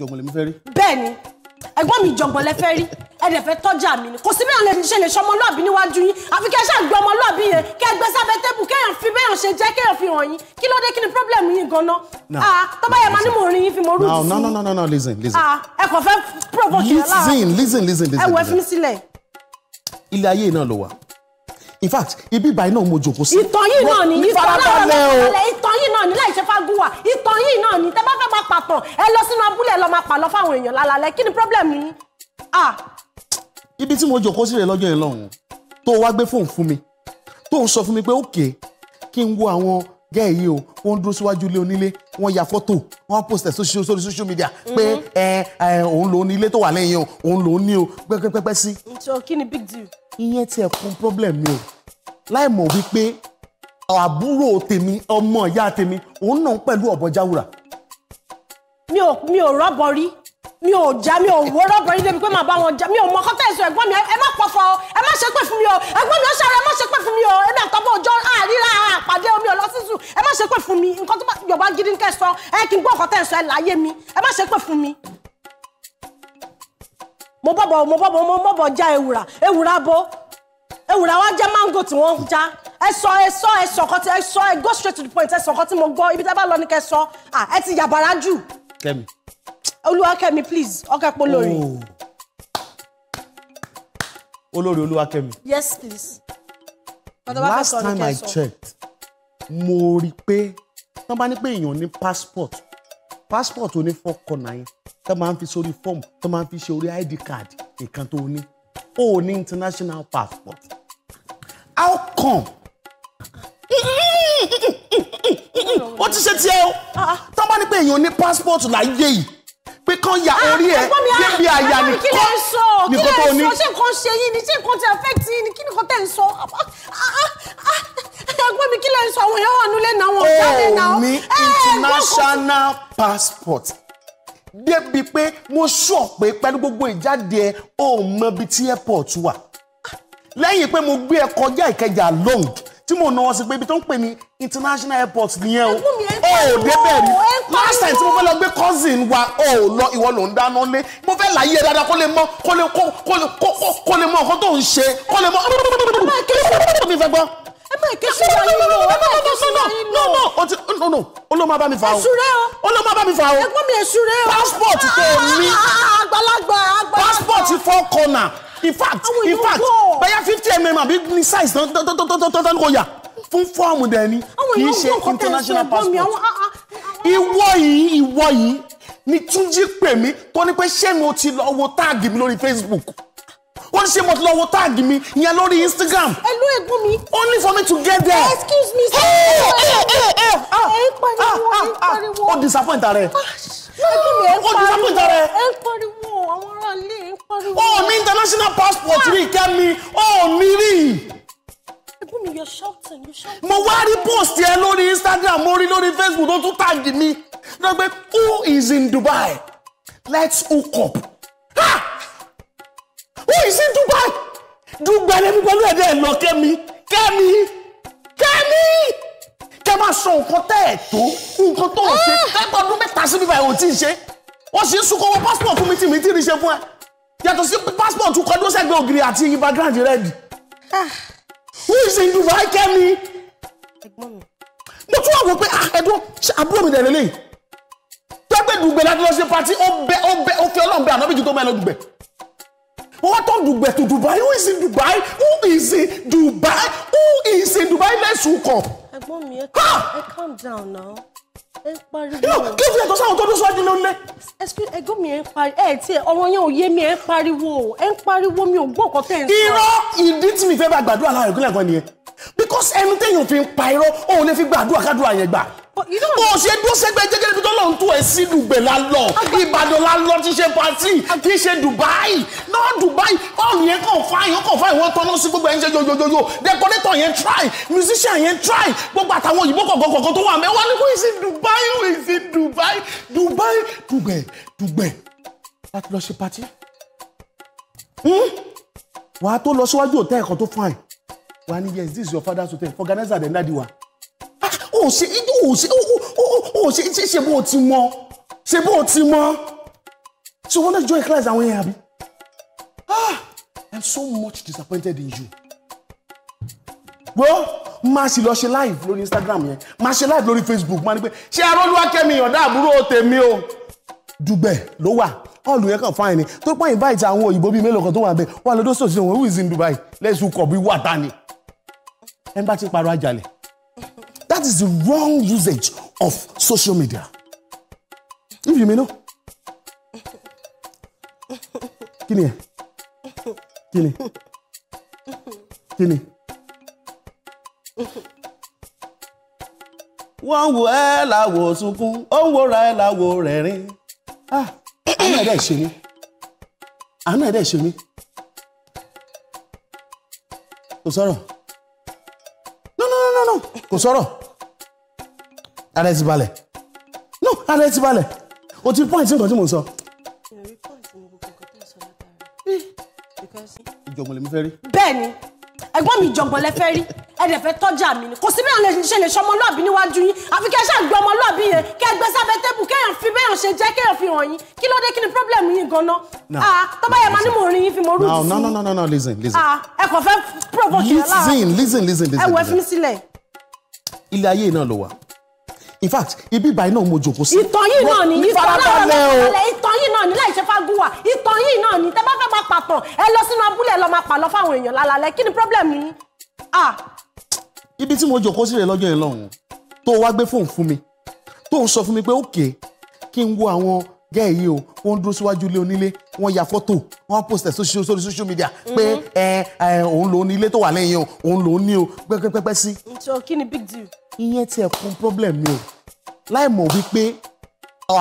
jọ̀gbọ̀n lèmi fẹ́ rí. bẹ́ẹ̀ni ẹ̀gbọ́n mi jọ̀gbọ̀n lẹ fẹ́ rí ẹ̀dẹ̀ fẹ́ tọ́jà mi ni kò sí bẹ́ẹ̀ lè ṣe lè ṣe ọmọlúàbí níwájú yín àfi kẹ́ ẹ ṣáà gbé ọmọlúàbí yẹn kẹ́ ẹ gbé sábẹ́ tébù kéèyàn fi béèyàn ṣe jẹ́ kéèyàn fi hàn yín kí ló dé kí ni problem yín gan ah tó bá yẹ máa ní mò rin yín fi mo rúùtù sí. no no no no no listen listen. ah ẹ kò fẹ́ provoke yẹn lára. listen listen listen listen. ẹ wọ ẹ fi mí sílẹ̀. ilé ayé náà ló wà in fact ibi ìbàyí náà mo jòkó sí. ìtàn yìí náà ni ìtàn náà ni ìtàn yìí náà ni láì ṣe fagúnwà ìtàn yìí náà ni tẹ bá fẹ́ máa pàtàn ẹ lọ sínú abúlé ẹ lọ máa pàlọ́ fáwọn èèyàn lálálẹ́ kí ni problem yìí. ibi tí mo jòkó sí rẹ lọ́jọ́ yẹn lọ́hùn-ún tó wá gbé fóònù fún mi tó ń sọ fún mi pé ókè kí n wo àwọn gẹ́ẹ̀ yìí o wọ́n dúró síwájú ilé onílé wọ́n ya fọ́tò wọ́n post ẹ̀ sórí social media mhm. pé ẹ òun lòun ní ilé tó wà lẹ́yìn o òun lòun ní o pẹ́pẹ́pẹ́ sí. so kí ni big deal ìyẹn tiẹ̀ kún problem mi o láì mọ̀ wípé àbúrò tèmi ọmọ ìyá tèmi òun náà pẹ̀lú ọ̀bọ jáwùrà. mi ò mi ò rọ́bọ rí mi ò já mi ò wọ rọ́bọ rí débi pé màá bá wọn já mi ò mọ kọ́tà ẹ̀sùn ẹ̀gbọ́n mi ẹ má pọ̀fọ̀ ẹ má ṣe pé fún mi o ẹ̀gbọ́n mi ó ṣàrẹ ẹ má ṣe pé fún mi o ẹ̀mí àtọ́bọ̀ òjò àríra àpàdé omi ò lọ sísù ẹ má ṣe pé fún mi nǹkan tó bá Yorùbá gidi ń kẹ́ sọ ẹ kí n gbọ́ kọ́tà ẹ̀sùn ẹ láyé mi ẹ má ṣe pé fún mi mo bọ̀bọ̀ mo bọ̀bọ̀ mo bọ̀bọ̀ já ewùrà ewùrà bo ewùrà wa jẹ́ mango tí wọ́n já ẹ sọ ẹ sọ ẹ sọ kan ẹ sọ ẹ go straight to the point ẹ sọ kan mo gbọ́ ibi tí a bá lọ ní kẹ sọ à ẹ ti yàbàrá jù. Kẹ́mi. Olúwakẹ́mi please ọkọ epo lórí. Oh. olórí Olúwakẹ́mi. yes please. last time I checked mo rí i pé tán bá ní pé èèyàn ní passport passport oní four corner yẹn tó máa ń fi sórí form tó máa ń fi ṣe orí id card nǹkan tó ní ó ní international passport how come ó ti ṣe tiẹ̀ o tó bá ní pé èèyàn ní passport láyé yìí pé kán ya ah, orí ẹ ah, débi àyà nìkan nìkan tó ní. ṣé nǹkan ṣe yín ni ṣé nǹkan ti affect yín ni kí nìkan tẹ̀ ń sọ ah, ẹgbẹ́ mi kí lẹ́ ń sọ àwọn èèyàn wà nílé náà wọn ò jáde náà national passport débi pé mo sọ pé pẹ̀lú gbogbo ìjáde ẹ ò mọ ibi tí airport wà lẹ́yìn pé mo gbé ẹ kọjá ìkẹjà long tí mo náwó sí pé ibi tó ń pè ní international airport nìyẹn o ò débẹ̀ rí last time tí mo fẹ́ lọ gbé cousin wa ò lọ ìwọ ló ń dáná lé mo fẹ́ láyé ẹ dáadáa kó lè mọ kó lè mọ nǹkan tó ń ṣe kó lè mọ ẹ máa ké sí wáyé lọ ẹ máa ké sí wáyé lọ. no no no no no no o ló máa bá mi fa o. ẹsùrẹ́ o. o ló máa bá mi fa o. ẹ̀gbọ́n mi ẹsùrẹ́ o. passport tó ní. àgbàlagbà àgbàlagbà. passport four corner in fact in fact bẹ́yà fifty mm àbí ní size tán kò yà fún fọ́ọ̀mù dẹ̀ ni kì í ṣe international passport. ìwọ yìí ìwọ yìí ni Túnjí pè mí tó ní pé ṣé mi ò ti lọ wo táàgì mi lórí Facebook wọ́n ṣe mo ti lọ wo táàgì mi ìyẹn lórí Instagram. ẹ ló mi. only for me to get there. excuse me sir. ẹ ń pariwo ẹ ń ah, ah, ah, pariwo. ó disappoint rẹ. ẹ̀gbọ́n mi ẹ ń pariwo ẹ pariwo àwọn ará ilé ẹ pariwo. ó oh, ní international passport rí kẹ́mi ó oh, ní rí. ẹ̀gbọ́n mi you're shouting you're shouting. mo wá rí post yẹn lórí Instagram mo rí lórí Facebook tó tún táàgì mi lọ who is in Dubai let's hook up who is in Dubai Dubai lẹ́nu pẹ̀lú ẹ̀dẹ́ ẹ̀ lọ kẹ́mi kẹ́mi kẹ́mi kẹ́ máa sọ nǹkan tẹ́ ẹ̀ tó nǹkan tó ń ṣe kẹ́kọ̀ọ́ ah! ọdún mẹ́ta síbi báyìí ò tí ì ṣe wọ́n sì ń sunkún owó passport fún mi tí mi tí ì ṣe fún ẹ yàtọ̀ sí passport kọ́ ẹdún sẹ́gbẹ́ ògiri àti iye background red ah! who is in Dubai kẹ́mi mo tún wà wọ pé ah, ẹdún àbúrò mi dẹ̀ lélẹ́yìí pẹ́pẹ́ dùgbẹ́ láti lọ ṣe pati ó bẹ ó bẹ ó fi ọlọ́run bẹ ànábìjú tó bẹ́ẹ̀ lọ dùgbẹ́. What on Dubai to Dubai? Who is in Dubai? Who is in Dubai? Who is in Dubai? Let's hook up. Ẹ̀gbọ́n mi, ẹ calm down now. Ẹ pariwo. Yóò kí ìfìyàtọ̀ sáwọn tó dún síwájú ló lé. Excuse me. I ẹ me a party. ti ọ̀rọ̀ yẹn ò yé mi ẹ me a party ń A mi ò gbọ́ ọ̀kan tẹ̀ ń sọ. Irọ́ ìdí tí mi fẹ́ bá gbàdúrà láàrin ìpínlẹ̀ kan nìyẹn. Because ẹnu téèyàn fi you pa irọ́, òun lè fi gbàdúrà kádùrà yẹn gbà bó o ṣe dúró sẹ́gbẹ́ jẹ́gẹ́rẹ́ bí tọ́lọ́run tó ẹ̀ sí dùgbẹ̀ la lọ ìbàdàn la lọ ti ṣe pàtì ti ṣe dubai náà dubai bọ́ọ̀lù yẹn kàn fáyìn ó kàn fáyìn wọ́n tọ́nà sí gbogbo ẹ̀ ń ṣe yoyoyoyo decorator yẹn try musician yẹn try gbogbo àtàwọn òyìnbó kọ̀ọ̀kan kọ̀ọ̀kan tó wà mẹ́ wọ́n ní who is in dubai who is in dubai dubai dùgbẹ̀ dùgbẹ̀ láti lọ ṣe pàtì hmm? wàá tó lọ síwájú òtẹ́ ẹ̀kan tó fine wàá ní yes this is your father's hotel organizer dem dadi wa o ṣe o ṣe o ṣe ṣe ṣe bó o ti mọ ṣe bó o ti mọ ṣe wọn náà join class àwọn yẹn àbí ah i'm so much disappointed in you wo máa sì lọ ṣe live lórí instagram yẹn máa ṣe live lórí facebook máa ní pé ṣé arólúwákẹ́mi ọ̀dà àbúrò tèmi o dùgbẹ̀ ló wà ọ̀lù yẹn kàn fáìn ni tó pọ́n invite àwọn òyìnbó bíi mélòó kan tó wà bẹ́ẹ̀ wà lọ́dọ̀ sọ̀tún wọn who is in dubai let's hook up wí wà tani ẹ̀ ń bá ti parọ́ àjàlẹ̀ the wrong usage of social media if you may know kí ni ẹ e? kí ni kí ni. wọ́n wo ẹ́ làwọ̀ sunkún ó ń wòra ẹ́ làwọ̀ rẹ̀rin. Ah, àánú ẹ̀dá ìṣe mi àánú ẹ̀dá ìṣe mi kò sọ̀rọ̀ no no no no kò sọ̀rọ̀ ara ti balẹ̀ no ara ti balẹ̀ o ti point nǹkan tí mò sọ. ìjọ̀gbọ̀n lèmi fẹ́ rí. bẹ́ẹ̀ni ẹ̀gbọ́n mi ìjọ̀gbọ̀n lẹ fẹ́ rí ẹdẹ fẹ́ tọ́jà mi ni kò sí bí àwọn ṣe lè ṣe ọmọlúàbí níwájú yín àfi kẹ́ ṣáà gbé ọmọlúàbí yẹn kẹ́ ẹ gbé sábẹ́ tébù kéèyàn fi béèyàn ṣe jẹ́ kéèyàn fi hàn yín kí ló dé kí ni problem yín gan-an ah, tó bá yẹ máa ní mò ń rin yín fi mo rúùtù sí i. no no no no listen listen. ah ẹ kò fẹ́ provoke yẹn lára listen listen listen listen. ẹ wọ ẹ fi mí sílẹ̀. ilé ayé náà ló wà in fact ibi ìbàyí náà mo jòkó sí. ìtàn yìí náà ni ìtàn náà ni ìtàn yìí náà ni láì ṣe fagúnwà ìtàn yìí náà ni tẹ bá fẹ́ máa pàtàn ẹ lọ sínú abúlé ẹ lọ máa pàlọ́ fáwọn èèyàn lálálẹ́ kí ni problem yìí. ibi tí mo jòkó sí rẹ lọ́jọ́ yẹn lọ́hùn-ún tó wá gbé fóònù fún mi tó ń sọ fún mi pé ókè kí n wo àwọn gẹ́ẹ̀ yìí o wọ́n dúró síwájú ilé onílé wọ́n ya fọ́tò wọ́n post ẹ̀ sórí social media mhm. pé ẹ ẹ òun lòún ní ilé tó wà lẹ́yìn o òun lòún ní o pẹ́pẹ́pẹ́ sí. so kí ni big deal ìyẹn tiẹ̀ kún problem mi o láì mọ̀ wípé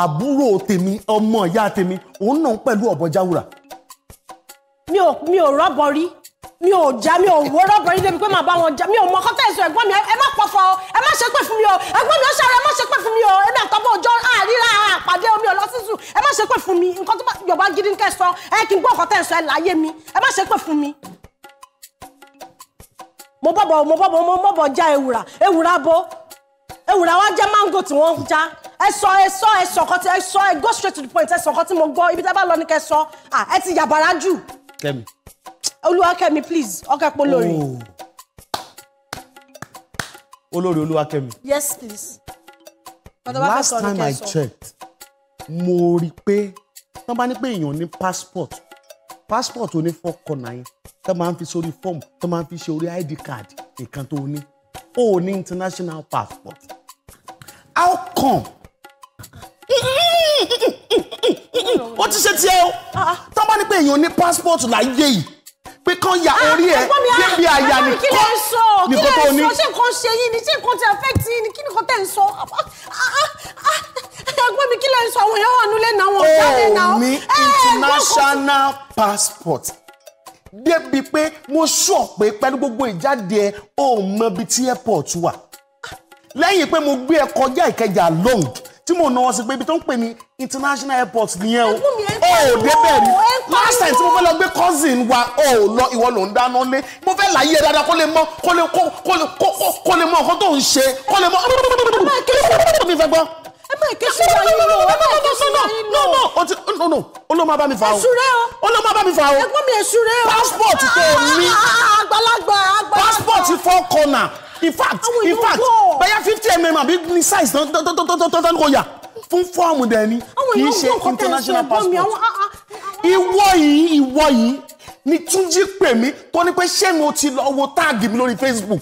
àbúrò tèmi ọmọ ìyá tèmi òun náà pẹ̀lú ọ̀bọ jáwùrà. mi ò mi ò rọ́bọ rí mi ò já mi ò wọ rọ́bọ rí débi pé màá bá wọn já mi ò mọ kọ́tà ẹ̀sùn ẹ̀gbọ́n mi ẹ má pọ̀fọ̀ ẹ má ṣe pé fún mi o ẹ̀gbọ́n mi ó ṣàrẹ ẹ má ṣe pé fún mi o ẹ̀mí àtọ́bọ̀ òjò àríra àpàdé omi ò lọ sísù ẹ má ṣe pé fún mi nǹkan tó bá Yorùbá gidi ń kẹ́ sọ ẹ kí n gbọ́ kọ́tà ẹ̀sùn ẹ láyé mi ẹ má ṣe pé fún mi mo bọ̀bọ̀ mo bọ̀bọ̀ mo bọ̀bọ̀ já ewùrà ewùrà bo ewùrà wa jẹ́ mango tí wọ́n já ẹ sọ ẹ sọ ẹ sọ kan ẹ sọ ẹ go straight to the point ẹ sọ kan mo gbọ́ ibi tí a bá lọ ní kẹ sọ à ẹ ti yàbàrá jù. Kẹ́mi. Olúwakẹ́mi please ọkọ epo lórí. Oh. olórí Olúwakẹ́mi. yes please. last time I checked mo rí i pé tán bá ní pé èèyàn ní passport passport oní four corner yẹn tó máa ń fi sórí form tó máa ń fi ṣe orí id card nǹkan tó ní ó ní international passport how come ó ti ṣe tiẹ̀ o tó bá ní pé èèyàn ní passport láyé yìí pé kán ya ah, orí ẹ ah, débi àyà nìkan nìkan tó ní. kí lè sọ ṣé nǹkan ṣe yín ni ṣé nǹkan ti affect yín ni kí nìkan tẹ̀ ń sọ. Ah, ẹgbẹ́ mi kí lè sọ àwọn èèyàn wà nílé náà wọn jáde náà. o oh, mi international passport débi pé mo sọ pé pẹ̀lú gbogbo ìjáde ẹ o mọ ibi tí airport wà lẹ́yìn pé mo gbé ẹ kọjá ìkẹjà long tí mo náwó sí pé ibi tó ń pè ní international airport nìyẹn o ò débẹ̀ rí last time tí mo fẹ́ lọ gbé cousin wa ò lọ ìwọ ló ń dáná lé mo fẹ́ láyé ẹ dáadáa kó lè mọ kó lè mọ nǹkan tó ń ṣe kó lè mọ ẹ máa ké sí wáyé lọ ẹ máa ké sí wáyé lọ. no no o ti no no o ló máa bá mi fa o. ẹsùrẹ́ o. o ló máa bá mi fa o. ẹ̀gbọ́n mi ẹsùrẹ́ o. passport tó ní. àgbàlagbà àgbàlagbà. passport four corner in fact in fact bẹ́yà fifty mm àbí ní size tán kò yà fún fọ́ọ̀mù dẹ̀ ni kì í ṣe international passport. ìwọ yìí ìwọ yìí ni Túnjí pè mí tó ní pé ṣé mi ò ti lọ wo táàgì mi lórí Facebook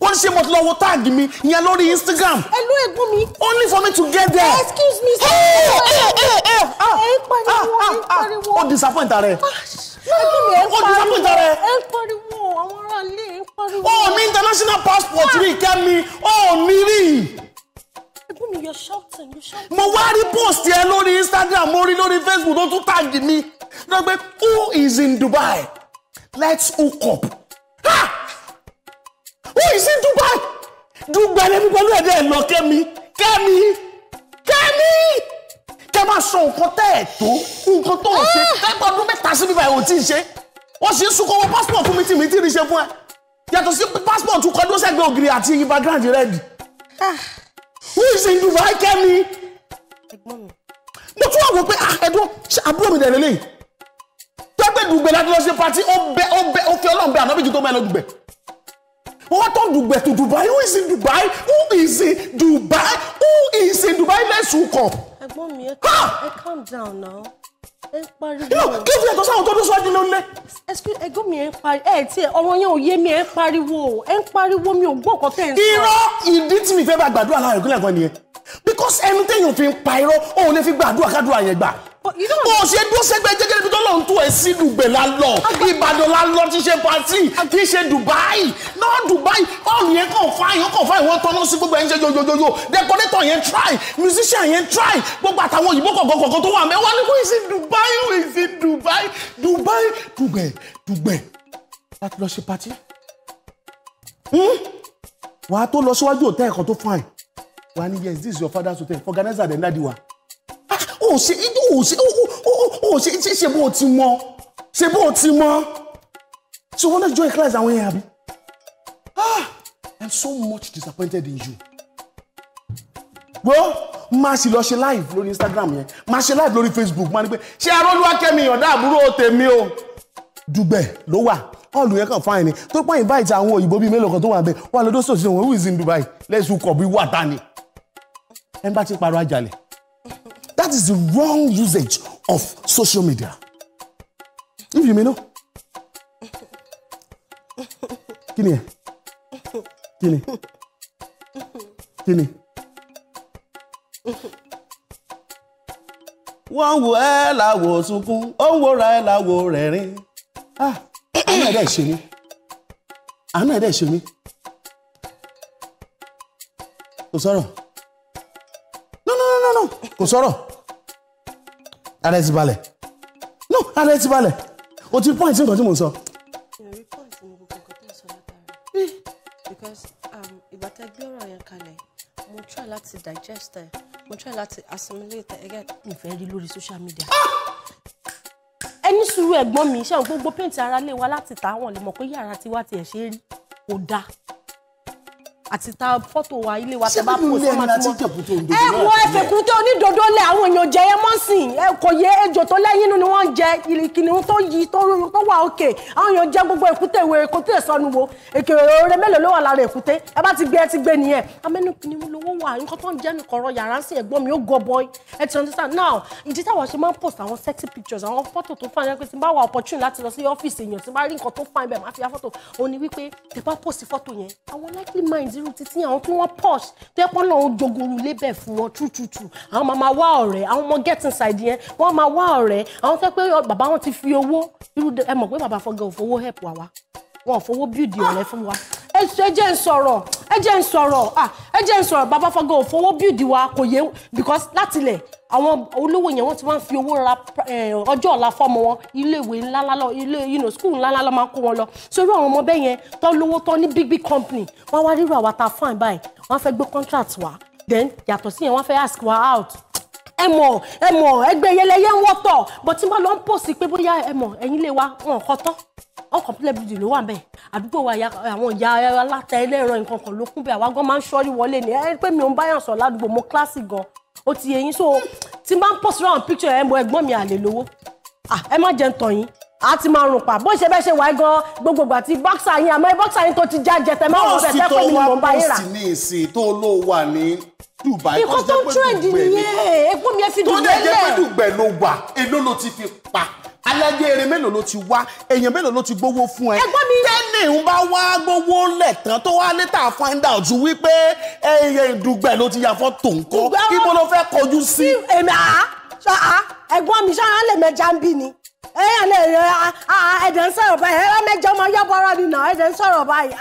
wọ́n ṣe mo ti lọ wo táàgì mi ìyẹn lórí Instagram. ẹ ló ẹ̀gbọ́n mi. only for me to get there. excuse me sir. ẹ ń pariwo ẹ ń ah, ah, ah, pariwo. ó disappoint rẹ. ẹ̀gbọ́n mi ẹ ń pariwo ẹ ń pariwo àwọn ará ilé ẹ pariwo. ó oh, ní international passport rí kẹ́mi ó oh, ní rí. ẹ̀gbọ́n mi you're shouting you're shouting. mo wá rí post yẹn lórí Instagram mo rí lórí Facebook tó tún táàgì mi lọ who is in Dubai let's hook up. Ha! who is in Dubai Dubai, lẹ́nu pẹ̀lú ẹ̀dẹ́ ẹ̀ lọ kẹ́mi kẹ́mi kẹ́mi kẹ́ máa sọ nǹkan tẹ́ ẹ̀ tó nǹkan tó ń ṣe kẹ́kọ̀ọ́ ah! ọdún mẹ́ta síbi báyìí ò tí ì ṣe wọ́n sì ń sunkún owó passport fún mi tí mi tí ì ṣe fún ẹ yàtọ̀ sí passport kan ló sẹ́gbẹ́ ògiri àti iye background red ah! who is in Dubai kẹ́mi mo tún wà wọ pé ah, ẹ̀dùn àbúrò mi dẹ̀ lélẹ́yìí pẹ́pẹ́ dùgbẹ́ láti lọ ṣe pati ó bẹ ó bẹ ó fi ọlọ́run bẹ ànábìjú tó bẹ́ẹ̀ lọ dùgbẹ́. What on Dubai to Dubai? Who is in Dubai? Who is in Dubai? Who is in Dubai? Let's hook up. Ẹ̀gbọ́n mi, ẹ calm down now. Ẹ pariwo. Yóò kí ìfìyàtọ̀ sáwọn tó dún síwájú ní ọ̀lẹ́. Excuse ẹ̀gbọ́n mi ẹ ń pariwo. Ẹ ti ọ̀rọ̀ yẹn ò yé mi ẹ ń pariwo. Ẹ ń pariwo mi ò gbọ́ ọ̀kan tẹ̀ ń sọ. Irọ́ ìdí tí mi fẹ́ bá gbàdúrà láàrin ìpínlẹ̀ kan nìyẹn. Because ẹnu téèyàn fi ń pa irọ́, òun lè fi gbàdúrà bó o ṣe dúró sẹ́gbẹ́ jẹ́gẹ́rẹ́ bí tọ́lọ́ ń tú ẹ̀ sí dùgbẹ̀ la lọ ìbàdàn la lọ ti ṣe pàtì ti ṣe dubai náà dubai bọ́ọ̀lù yẹn kàn fáyìn ó kàn fáyìn wọ́n tọ́nà sí gbogbo ẹ̀ ń ṣe yoyoyoyo decorator yẹn try musician yẹn try gbogbo àtàwọn òyìnbó kọ̀ọ̀kan kọ̀ọ̀kan tó wà mẹ́ wọ́n ní who is in dubai who is in dubai dubai dùgbẹ̀ dùgbẹ̀ láti lọ ṣe pàtì hmm? wàá tó lọ síwájú òtẹ́ ẹ̀kan tó fine wàá ní yes this is your father's hotel organizer dem dadi wa o ṣe o ṣe o ṣe ṣe ṣe bó o ti mọ ṣe bó o ti mọ so wọn náà join class àwọn yẹn àbí ah i'm so much disappointed in you wo máa sì lọ ṣe live lórí instagram yẹn máa ṣe live lórí facebook máa ní pé ṣé arólúwákẹ́mi ọ̀dà àbúrò tèmi o dùgbẹ̀ ló wà ọ̀lù yẹn kàn fáìn ni tó pọ́n invite àwọn òyìnbó bíi mélòó kan tó wà bẹ́ẹ̀ wà lọ́dọ̀ sọ̀tún wọn who is in dubai let's hook up wí wà tani ẹ̀ ń bá ti parọ́ àjàlẹ̀ the wrong usage of social media. If you may know. Kí ni ẹ? E? Kí ni? Kí ni? Wọ́n wo ẹ́ láwo sunkún, ó ń wòra ẹ́ láwo rẹ̀rín. Ah, àánú ẹ̀dá ìṣe mi. Àánú ẹ̀dá ìṣe mi. Kò sọ̀rọ̀. No no no no no kò sọ̀rọ̀ ara ẹ ti balẹ̀ no ara ti balẹ̀ o ti point nǹkan tí mo sọ. Eh. because um, ìgbà tẹ gbé ọ̀rọ̀ yẹn kalẹ̀ mo try láti digest ẹ mo try láti assimilate ẹ gẹ. mi fẹ́ rí lórí social media. Ah! ẹni sùúrù ẹ̀gbọ́n mi ṣé àwọn gbogbo paint ara lè wá láti tà wọ́n lè mọ̀ pé yàrá tiwa tiẹ̀ ṣe é rí kò dáa àti ta fọ́tò wa ilé wa tẹ́ bá pò sọ́mà tí wọ́n. ẹ wo ẹfẹ̀kùn tó onídodo lẹ̀ àwọn èèyàn jẹ ẹ mọ́ sí i kò yẹ ejò tó lẹ́yìn inú ni wọ́n jẹ kìnìún tó yí tó wà òkè àwọn èèyàn jẹ gbogbo èkúté ìwé èkúté ìsọnu wo èkè òróró mélòó ló wà lára èkúté ẹ bá ti gbé ẹ ti gbé nìyẹn amẹ́nu kìnìún lówó wà nǹkan tó ń jẹ́ nìkọ̀rọ̀ yàrá sí ẹ̀gbọ́n mi ó gọ boy ẹ ti understand now ìdí táwọn ṣe máa ń post sexy pictures àwọn fọ́tò tó fà yẹn pé tí n bá wà opportunity láti lọ sí ọ́fíìsì èèyàn tí n bá rí nǹkan tó fà yẹn bẹ́ẹ̀ máa fi likely minds irú títí àwọn tí wọ́n posh tó yẹ kó lọ́wọ́ jogoro lébẹ̀ fún wọn tútùtù àwọn máa máa wá ọ̀rẹ́ àwọn ọmọ get inside yẹn wọ́n máa wá ọ̀rẹ́ àwọn tó pé bàbá wọn ti fi owó irú ẹ mọ̀ pé bàbá fọgẹ́ òfowó help wá wá wọn ò fowó bíìdì ọ̀rẹ́ fún wa ẹ jẹ́ ń sọ̀rọ̀ ẹ jẹ́ ń sọ̀rọ̀ ẹ jẹ́ ń sọ̀rọ̀ bàbá fọgọ́ ò fowó bíìdì wa kò yé because látilẹ̀ àwọn olówó yẹn wọ́n ti máa ń fi owó ra eh, ọjọ́ ọ̀la fọ́mọ wọn iléèwé ńláńlá lọ ilé you know school ńláńlá lọ máa ń kó wọn lọ sórí àwọn ọmọ bẹ́ẹ̀ yẹn tó lówó tó ní big big company wọ́n wá rírọ àwa ta fine báyìí wọ́n fẹ́ gbé contract wa then yàtọ̀ sí yẹn wọ́n fẹ́ ask wa out ẹ mọ̀ ẹ mọ̀ ẹgbẹ́ yẹlẹyẹ ń wọ́tọ̀ bọ̀ tí wọ́n lọ ń pò sí pé bóyá ẹ mọ̀ ẹ̀yin lè wa wọn kọ́ tán wọn kọ́ pílẹ̀ bìdì ló wà bẹ́ẹ̀ àdúgbò wa àwọn ìyá aláta ẹlẹ́rọ nǹkan kan ló kún bẹ́ẹ̀ àwa gan máa ń ṣọ́rí wọlé ni ẹ pé mi ò ń báyàn sọ̀ ládùúgbò mo kíláàsì gan ó ti yẹ yín so tí n bá ń pọ̀ sí round picture ẹ̀ mọ ẹ̀gbọ́n mi àlè lówó ẹ má jẹ́ ń tàn yín a ti máa rùn pa bó ṣe bẹ́ẹ̀ ṣe wà gan gbogbo àti bọ́ksà yín àmọ́ bọ́ksà yín tó ti já jẹtẹ máa wọ bẹ́ẹ̀ tẹ́ pé mi ni ń bá rà. bọ́ọ̀sì tó wá bọ́ọ̀sì ní ìsìn tó ló wà ní Dubai kọ́ tó trend nìyẹn epo mi ẹ fi Dubai lẹ̀. tó dẹ̀ jẹ́ pé Dubai ló wà èló ló ti fi pa alájẹ eré mélòó ló ti wá èèyàn mélòó ló ti gbowó fún ẹ. ẹ̀gbọ́n mi. tẹ́lẹ̀ ń bá wá gbowó lẹ̀ tán tó wá létà find out wípé ẹyẹ Dubai ló ti ya fọ́tò ńkọ́ ibo ló fẹ́ kọjú sí. èmi àá ṣáá ẹ̀gbọ́n mi ṣáá lè mẹja ń bí ni ẹ̀yàn lè ẹ̀dẹ̀ ń sọ̀rọ̀ báyìí ẹ̀rọ mẹjọ ọmọ yọ́bọ̀rọ̀ mi nà ẹ̀dẹ̀ ń sọ̀rọ̀ báyìí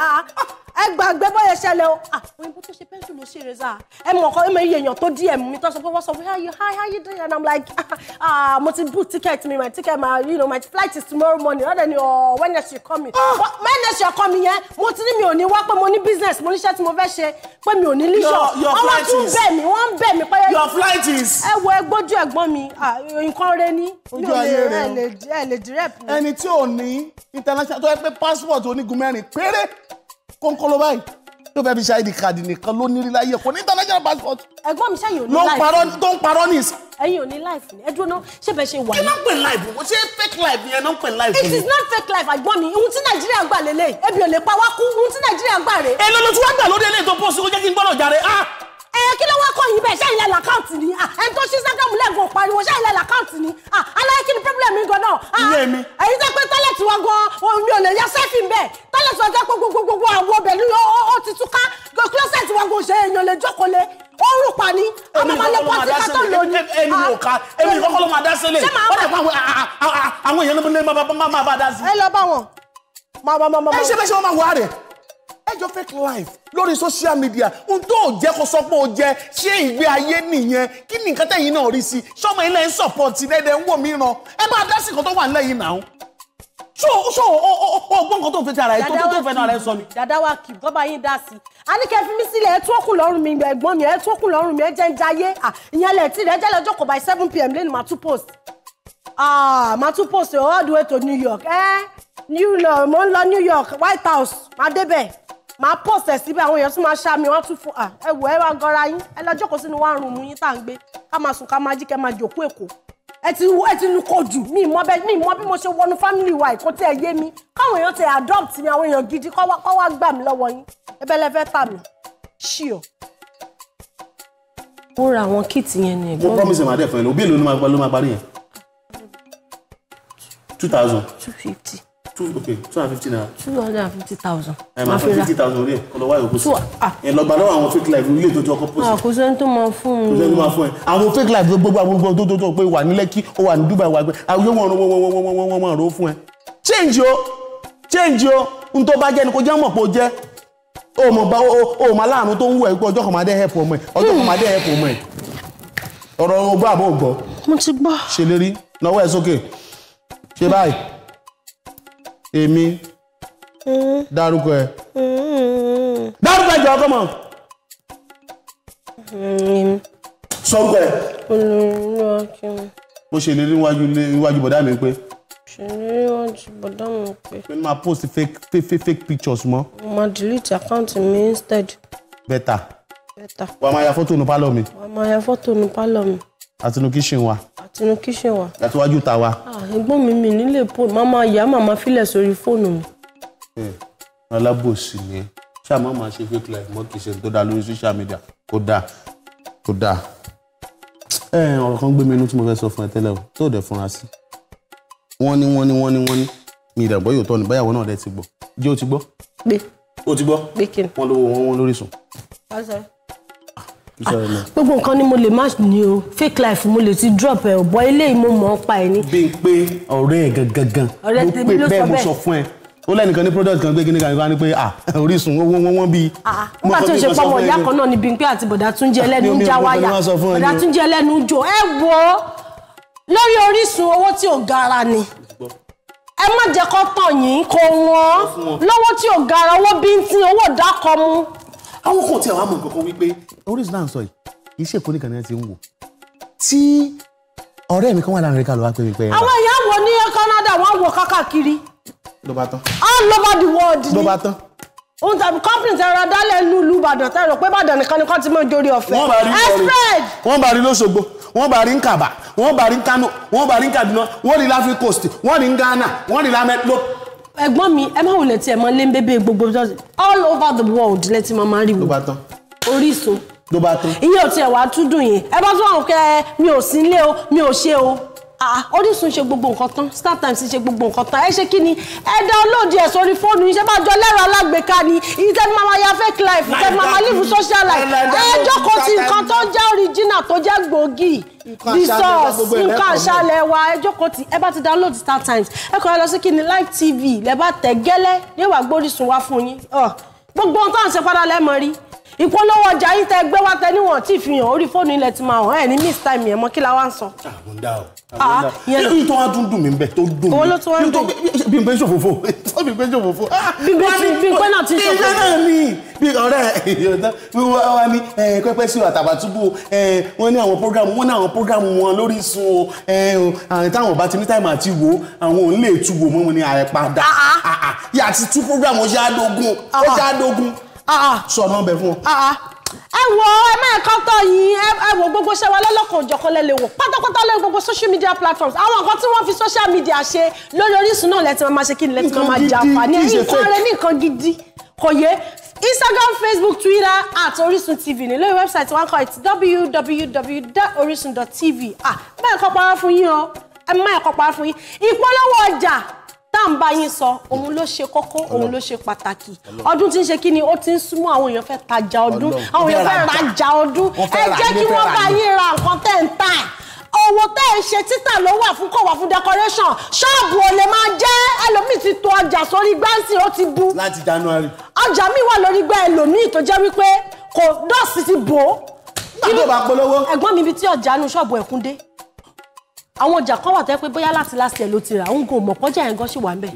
ẹ gbàgbé bóyá ṣẹlẹ̀ o àwọn ah, tó ṣe pẹ́ńsù ló ṣe rẹ́sà ẹ mọ̀ kọ́ ẹmọ iye èèyàn tó dí mi tó sọ pé wọ́n sọ pé how you hi how and i'm like ah mo ti book ticket mi my ticket my you know my flight is tomorrow morning ọ̀dẹ̀ ni ọ̀ when next you come in ah! when next you come in yẹn mo ti ní mi ò ní wá pé mo ní business mo níṣẹ́ tí mo fẹ́ ṣe pé mi ò ní leisure wọ́n tún bẹ̀ wọ́n bẹ̀ mí pé your flight is ẹ wo ẹgbójú ẹ̀gbọ́n mi ah, nǹkan rẹ ní ojú ayé rẹ ẹ lè direct mi. ẹni tí ò ní international tó yẹ pé passport onígun mẹ́rin péré kónkóló báyìí tó fẹ́ fi ṣe id card nìkan ló ní láyé kò ní international passport. ẹ̀gbọ́n mi ṣẹ́yìn ò ní láìpẹ́ tó ń parọ́ ní ìsìn. ẹ̀yin ò ní láìpẹ́ ní ẹdúró náà ṣé bẹ́ẹ̀ ṣe wà ní. kí ló ń pè láìpẹ́ wò ṣé fake life yẹn ló ń pè láìpẹ́. it is not fake life ẹ̀gbọ́n mi ohun tí nàìjíríà gbà lélẹ̀ ebi ò lè pa wá kú ohun tí nàìjíríà gbà rè. èlò ló tún wá gbà lórí eléyìí tó pọ̀ sí kó jẹ́ kí n gbọ́dọ̀ jàre ah! ẹ kí ló wá kọ yín bẹ́ẹ̀ ṣé ni ah, ẹni tó ṣí sákàmù lẹgùn pariwo ṣé ìlẹ làkáǹtì ni ah, aláìkí ni pírọbìlẹmù gan náà. iye mi. èyí tẹ toilet wa jẹ́ gbogbogbogbo àwọn ọbẹ̀ ni ó ti túká closet wa kò ṣe èèyàn lè jókòó lé oorun pa ni ọmọ máa lè pọ́n ti ká tó lò ní. èmi ò ká ah. èmi kọ́kọ́ ló máa dá sílẹ̀ ó dẹ̀ pa àwọn èèyàn ló máa bá dá sí. ẹ lọ bá wọn. ẹ ṣe bẹ́ẹ̀ ṣe wọ́n máa wá rẹ̀ ẹjọ fake life lórí social media ohun tó ò jẹ́ kó sọ pé ó jẹ́ ṣé ìgbé ayé nìyẹn kí ni nǹkan tẹ̀yìn náà rí sí sọmọ ilẹ̀ ń sọ̀pọ̀ tì lẹ́dẹ̀ ń wò mí ràn ẹ bá dá sí nǹkan tó wà nílẹ̀ yìí náà ṣó ṣó ọgbọ́n kan tó ń fi ti ara ẹ tó tó fẹ́ náà rẹ sọ ni. dàdá wa kì gọ́ba yín dá sí i a ní kẹ́ fi mí sílẹ̀ ẹ tó kù lọ́rùn mi ẹ̀gbọ́n mi ẹ tó kù lọ́rùn mi ẹ jẹ́ ń jayé ìyẹn lẹ̀ tí rẹ̀ jẹ́ lọ́jọ́ kọ̀ by seven pm lẹ́nu màá tún post màá tún post oh, all the way to New York ẹ New York mo ń lọ New York White House màá débẹ̀ màá post ẹ̀ síbẹ̀ àwọn èèyàn tún máa ṣá mi wọ́n tún fún ẹ wò ẹ wá gọra yín ẹ lọ́jọ́ kó sínú wá rùn mú yín tá à ń gbé ká máa sùn ká máa jí kẹ́ máa jòkó èkó ẹ ti ẹ ti lu kojú mi mọ bẹ mi mọ bí mo ṣe wọnú family wa ìkó tẹ yé mi káwọn èèyàn tẹ adopt mi àwọn èèyàn gidi kọ́ wá kọ́ wá gbà mí lọ́wọ́ yín ẹbẹ̀ lẹ tà mí ṣí o. mo ra àwọn kíìtì yẹn ní ẹ̀gbọ́n mi. mo promise màá dẹ̀ fún ẹ lóbi èlò ló máa parí yẹn two thousand. two fifty two okay two hundred fifty naira. two hundred fifty thousand. ẹ máa fẹ́ fifty thousand orí ẹ̀ kọ́ lọ wá ìyókù sí. Ah. ẹ lọ gbà lọ́wọ́ àwọn fake life ilé ìtọ́jú ọkọ̀ pọ̀ sí. kò sẹ́ni tó máa fún mi. kò sẹ́ni tó máa fún ẹ. àwọn fake life tó gbogbo àwọn tó tó tó pé wà ní Lẹ́kì ó wà ní Dubai wà gbé àwọn yóò wọ́n wọ́n wọ́n wọ́n wọ́n wọ́n rò ó fún ẹ. change o change o n tó bá jẹ́ ni kò jẹ́ mọ̀ pé o jẹ́ o mọ̀ bá o mọ̀ aláàánú tó ń wù ẹ́ pé ọjọ́ kan máa dé help ọmọ ẹ̀ ọjọ́ kan máa dé help ọmọ ẹ̀ ọ̀rọ̀ ọgbọ́ àbọ̀ ògbọ́. mo ti gbọ́. ṣèlérí nawọ́ ẹ sókè ṣe báyìí èmi dárúkọ ẹ dárúkọ ẹ jọ ọkọ mọ. sọrúkọ ẹ. Olúwakim. mo ṣèlérí iwájú iwájú bọ̀dá mi pé. ṣèlérí iwájú bọ̀dá mi pé. mi máa post fake fake fake pictures mọ́. mo máa delete account mi instead. better. better. wàá máa ya fọ́tò ní pálọ̀ mi. wàá máa ya fọ́tò ní pálọ̀ mi àtinú kíṣìn wa. àtinú kíṣìn wa. àtiwájú ta wa. Ah, ẹ̀gbọ́n mi mi nílé fóònù màmá ìyá màmá filẹ̀ sórí fóònù mi. Eh, alábòsí ni ṣáà má máa ṣe fake life mọ́ kìí ṣe tó dáa lórí social media kò dáa kò dáa. ẹ ẹ ọ̀rọ̀ kan gbé mi inú tí mo fẹ́ sọ fún ẹ tẹ́lẹ̀ o tó o dẹ̀ fúnra sí. wọ́n ní wọ́n ní wọ́n ní wọ́n ní mi ìdàgbọ́ yóò tọ́ ni báyàwó náà dẹ̀ ti gbọ́ jẹ́ o ti gbọ́. pé o ti gbọ́. pé kí ni. wọ́n lówó wọn wọn lórí sùn. Ah, gbogbo nǹkan ni mo lè má ní o fake life mo lè ti drop ẹ ò bọ ilé yìí mo mọ̀ ọ́ pa ẹ ní. bí n pé ọ̀rẹ́ ẹ̀ gangan mo pè bẹ́ẹ̀ mo sọ fún ẹ ó lẹ́nìkan ní product kan gbé kíní kan ní pé ah orísun owó wọn wọn bíi. nígbà tó ṣe pọmọ ìyá kan náà ni Bímpé àti bọ̀dá Túnjí ah, ẹlẹ́nu ń já wáyà bọ̀dá Túnjí ẹlẹ́nu ń jò ẹ wò ó lórí Orísun owó tí ò gara ni ẹ má jẹ́ kó tàn yín kó wọ́n lọ́wọ́ tí ò gara owó bíntín owó dákọ̀ mu àwọn kan tí àwọn amọ̀ nǹkan kan wípé Orísun náà ń sọ yìí kì í ṣe èkó nìkan ni wọ́n ti ń wò tí ọ̀rẹ́ mi kan wà láàrin ká ló wá pé mi pé. àwọn ìyá wo ní Canada wọn wò kákàkiri. ló bá tán. all ah, over the world ni. ló bá tán ohun tàbí kọ́pìn tẹ ra dálẹ̀ ń lu ìbàdàn tẹ rò pé ìbàdàn nìkan ni kọ́ ti mọ ìjòrè ọ̀fẹ́. wọ́n bá rí wọ́n bá rí lọ́sọ̀gbọ̀ wọ́n bá rí ń wọ́n bá rí ń wọ́n bá rí ń wọ́n rí láfírí wọ́n rí ghana wọ́n rí lámẹ́ ẹ̀gbọ́n mi ẹ má wulẹ̀ tí ẹ mọ lé ń bébè gbogbo all over the world lẹ́tí máa máa rí wo Orísun ló bá tó. iye ò tiẹ̀ wá tún dùn yìí ẹ bá tún àwọn kẹ mi ò sí ilé o mi ò ṣe o Ah, Orísun ṣe gbogbo nǹkan tán Star Times ṣe gbogbo nǹkan tán ẹ ṣe kí ni ẹ download ẹ̀ sórí fóònù yìí ṣe bá jọ lẹ́rọ alágbèéká ni ìtẹ́ fi máa ya fake life ìtẹ́ mama live social life ẹjọ́ kan ti nǹkan tó jẹ́ original tó jẹ́ gbòógì resource nǹkan àṣàlẹ̀ wa ẹjọ́ kan ti ẹ bá ti download Star Times ẹ kàn lọ sí kí ni live tv lẹ bá tẹ̀ gẹ́lẹ́ ní ìwà gbórísun wá fún yín gbogbo ohun tó à ń ṣe padà lẹ́mọ̀ rí ìpolówó ọjà yìí tẹ gbé wá tẹ níwọ̀n tí ìfihàn orí fóònù ilẹ̀ ti máa hàn ẹ̀ ní miss time yẹn mọ́ kí la wá ń sọ. àbúndà ah, o àbúndà o èyí tó wá tún dùn mí bẹ́ẹ̀ tó dùn mí. owó ló tún wá ń dùn. bí n pé ṣòfófó ah, bí n pé ṣòfófó. bí n pé náà ti ṣòfófó. ìṣe náà ni bí ọ̀rẹ́ ìyọ̀dá wá ní pẹ́pẹ́ sí Àtàbàtúbú wọ́n ní àwọn program wọ́n ní àwọn program wọn lórí sun o àwọn táwọn bá ti ní time àti wo àwọn ò ń lè tu wò mọ́ wọn ní àyẹ̀padà ah, yàtí tú program ó ṣe àdógún ó ṣe àdógún. Ah, ah. sọ ọmọ bẹ fún ọ. Ah, ẹ wo ẹ máa kọ́ tọ́ yìí ẹ wo gbogbo ṣẹ́ wa lọ́lọ́kan òjọ̀kan lẹ́ lè wò pátápátá lórí gbogbo social media platforms àwọn nǹkan tí wọ́n fi social media ṣe lórí Orísun náà lẹ́tí máa ṣe kí ni lẹ́tí máa jà fà ní nǹkan rẹ ní nǹkan gidi kò yé Instagram Facebook Twitter at Orisun TV ní lórí wẹ́bsáìtì wọn kọ́ ìtì www.orisun.tv ah bẹ́ẹ̀ kọ́ parọ́ fún yín o ẹ má ẹ̀kọ́ parọ́ fún yín ìpolówó ọjà tá à ń bá yín sọ òun ló ṣe kókó òun ló ṣe pàtàkì ọdún tí ń ṣe kí ni ó ti ń súnmọ́ àwọn èèyàn fẹ́ tajà ọdún àwọn èèyàn fẹ́ rajà ọdún ẹ jẹ́ kí wọ́n bá yín ra nǹkan tẹ́ ń tà owó tẹ́ ẹ̀ ṣe títà ló wà fún kọ̀wà fún decoration ṣọ́ọ̀bù ò lè máa jẹ́ ẹlòmíì ti tò ọjà sórí gbáǹsì ó ti bu láti January ọjà mi wà lórí gbá ẹlòmíì tó jẹ́ wípé kò dọ́ọ̀sì ti bò ó. nígbà tó bá polówó. ẹ̀gbọ́n mi ibi tí ọjà nu ṣọ́ọ̀bù ẹ̀kúndé àwọn ọjà kan wà tẹ́ pé bóyá láti last year ló ti rà òun kò mọ̀ kọjá yẹn gan ṣì wà ń bẹ̀.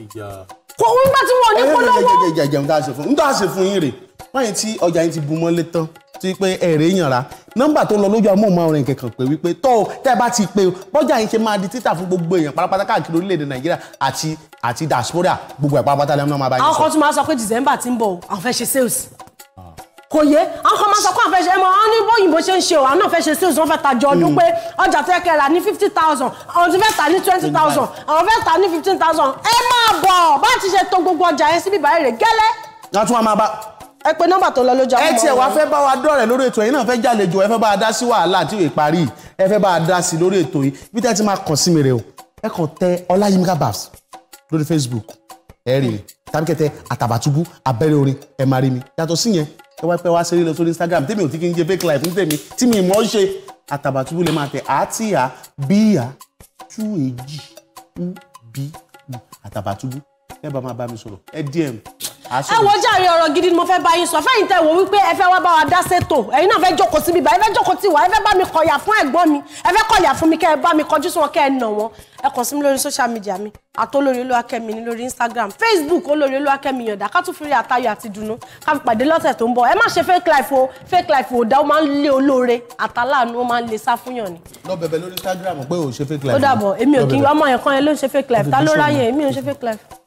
kò ń gbà tí wọn ò ní polówó. ẹ ẹ jẹun tá a ṣe fún un tá a ṣe fún yín rè báyìí tí ọjà yín ti bu mọ́lé tán tí pé ẹ̀rẹ́ yàn rà nọ́mbà tó lọ lójú amóhùnmáwòrán kankan pé wípé tọ́ ọ tẹ́ ẹ bá ti pé bọ́jà yín ṣe máa di títà fún gbogbo èèyàn pátápátá káàkiri orílẹ̀-èdè nàìjíríà àti àti diaspora gbogbo ẹ̀ pátápátá lẹ́nu náà máa bá yín sọ. àwọn kan tún máa sọ pé december ti ń bọ̀ àwọn fẹ́ ṣe sales ah kò yé àwọn kan máa sọ pé àwọn fẹ́ ṣe ẹ mọ àwọn ní bóyìnbó ṣe ń ṣe o àwọn náà fẹ́ ṣe sales wọn fẹ́ ta jọ ọdún pé ọjà tó yẹ kẹ́ rà ní fifty thousand àwọn tó fẹ́ ta ní twenty thousand àwọn fẹ́ ta ní fifteen thousand ẹ máa bọ̀ bá ti ṣe to gbogbo ọjà yẹn síbí báyìí rè gẹ́lẹ́. a tún wa máa bá. ẹ pe nọ́mbà tó lọ lójú àwọn ọmọ wa. ẹ tiẹ̀ wá fẹ́ bá wa dọ̀rẹ̀ lórí ètò yìí náà fẹ́ jàlejò ẹ fẹ́ bá a dá sí wàhálà àti ìparí ẹ fẹ́ bá a dá sí lórí ètò yìí bí tẹ́ ti máa kàn sí mi rè o ẹ kàn tẹ ọláyímíkà babs lórí facebook ẹ rí mi tàbí kẹtẹ àtàbàtúbú abẹ́rẹ́ orin ẹ máa rí mi yàtọ̀ síyẹn ẹ wá pẹ́ wá ṣeré lọ sórí Instagram tèmi ò tí kí n ṣe fake life ní tèmi tí mi mọ̀ ń ṣe àtàbàtúbú lè máa tẹ̀ àátìyà bíyà tú èjì ubi àtàbàtúbú ẹ bá máa bá mi sọ̀rọ̀ ẹ DM ẹ wo jàre ọ̀rọ̀ gidi ni mo fẹ́ bá yín sọ fẹ́yìn tẹ́ wò wípé ẹ fẹ́ wá bá wa dá sétò ẹ̀yin náà fẹ́ jókòó síbi bá ẹ fẹ́ jókòó tì wá ẹ fẹ́ bá mi kọ̀yà fún ẹ̀gbọ́n mi ẹ fẹ́ kọ̀yà fún mi kẹ́ ẹ bá mi kọjú sí wọn kẹ́ ẹ nà wọn ẹ kàn sí mi lórí social media mi àtó olórí olúwakẹ́mi ní lórí Instagram Facebook olórí olúwakẹ́mi yọ̀dá ká tún fìrí àtayọ̀ àti dùnú ká fi pàdé lọ́sẹ̀ tó ń bọ̀ ẹ má ṣe fake life o fake life o dá o máa ń lé olóore àtàláàánú ó máa ń lé sá fún yàn ni. lọ bẹ̀bẹ̀ lórí Instagram pé o ṣe fake life. ó dàbọ̀ èmi ò kí ọmọ yẹn kan yẹn ló ń ṣe fake life ta ló ráyè èmi ò ń ṣe fake life.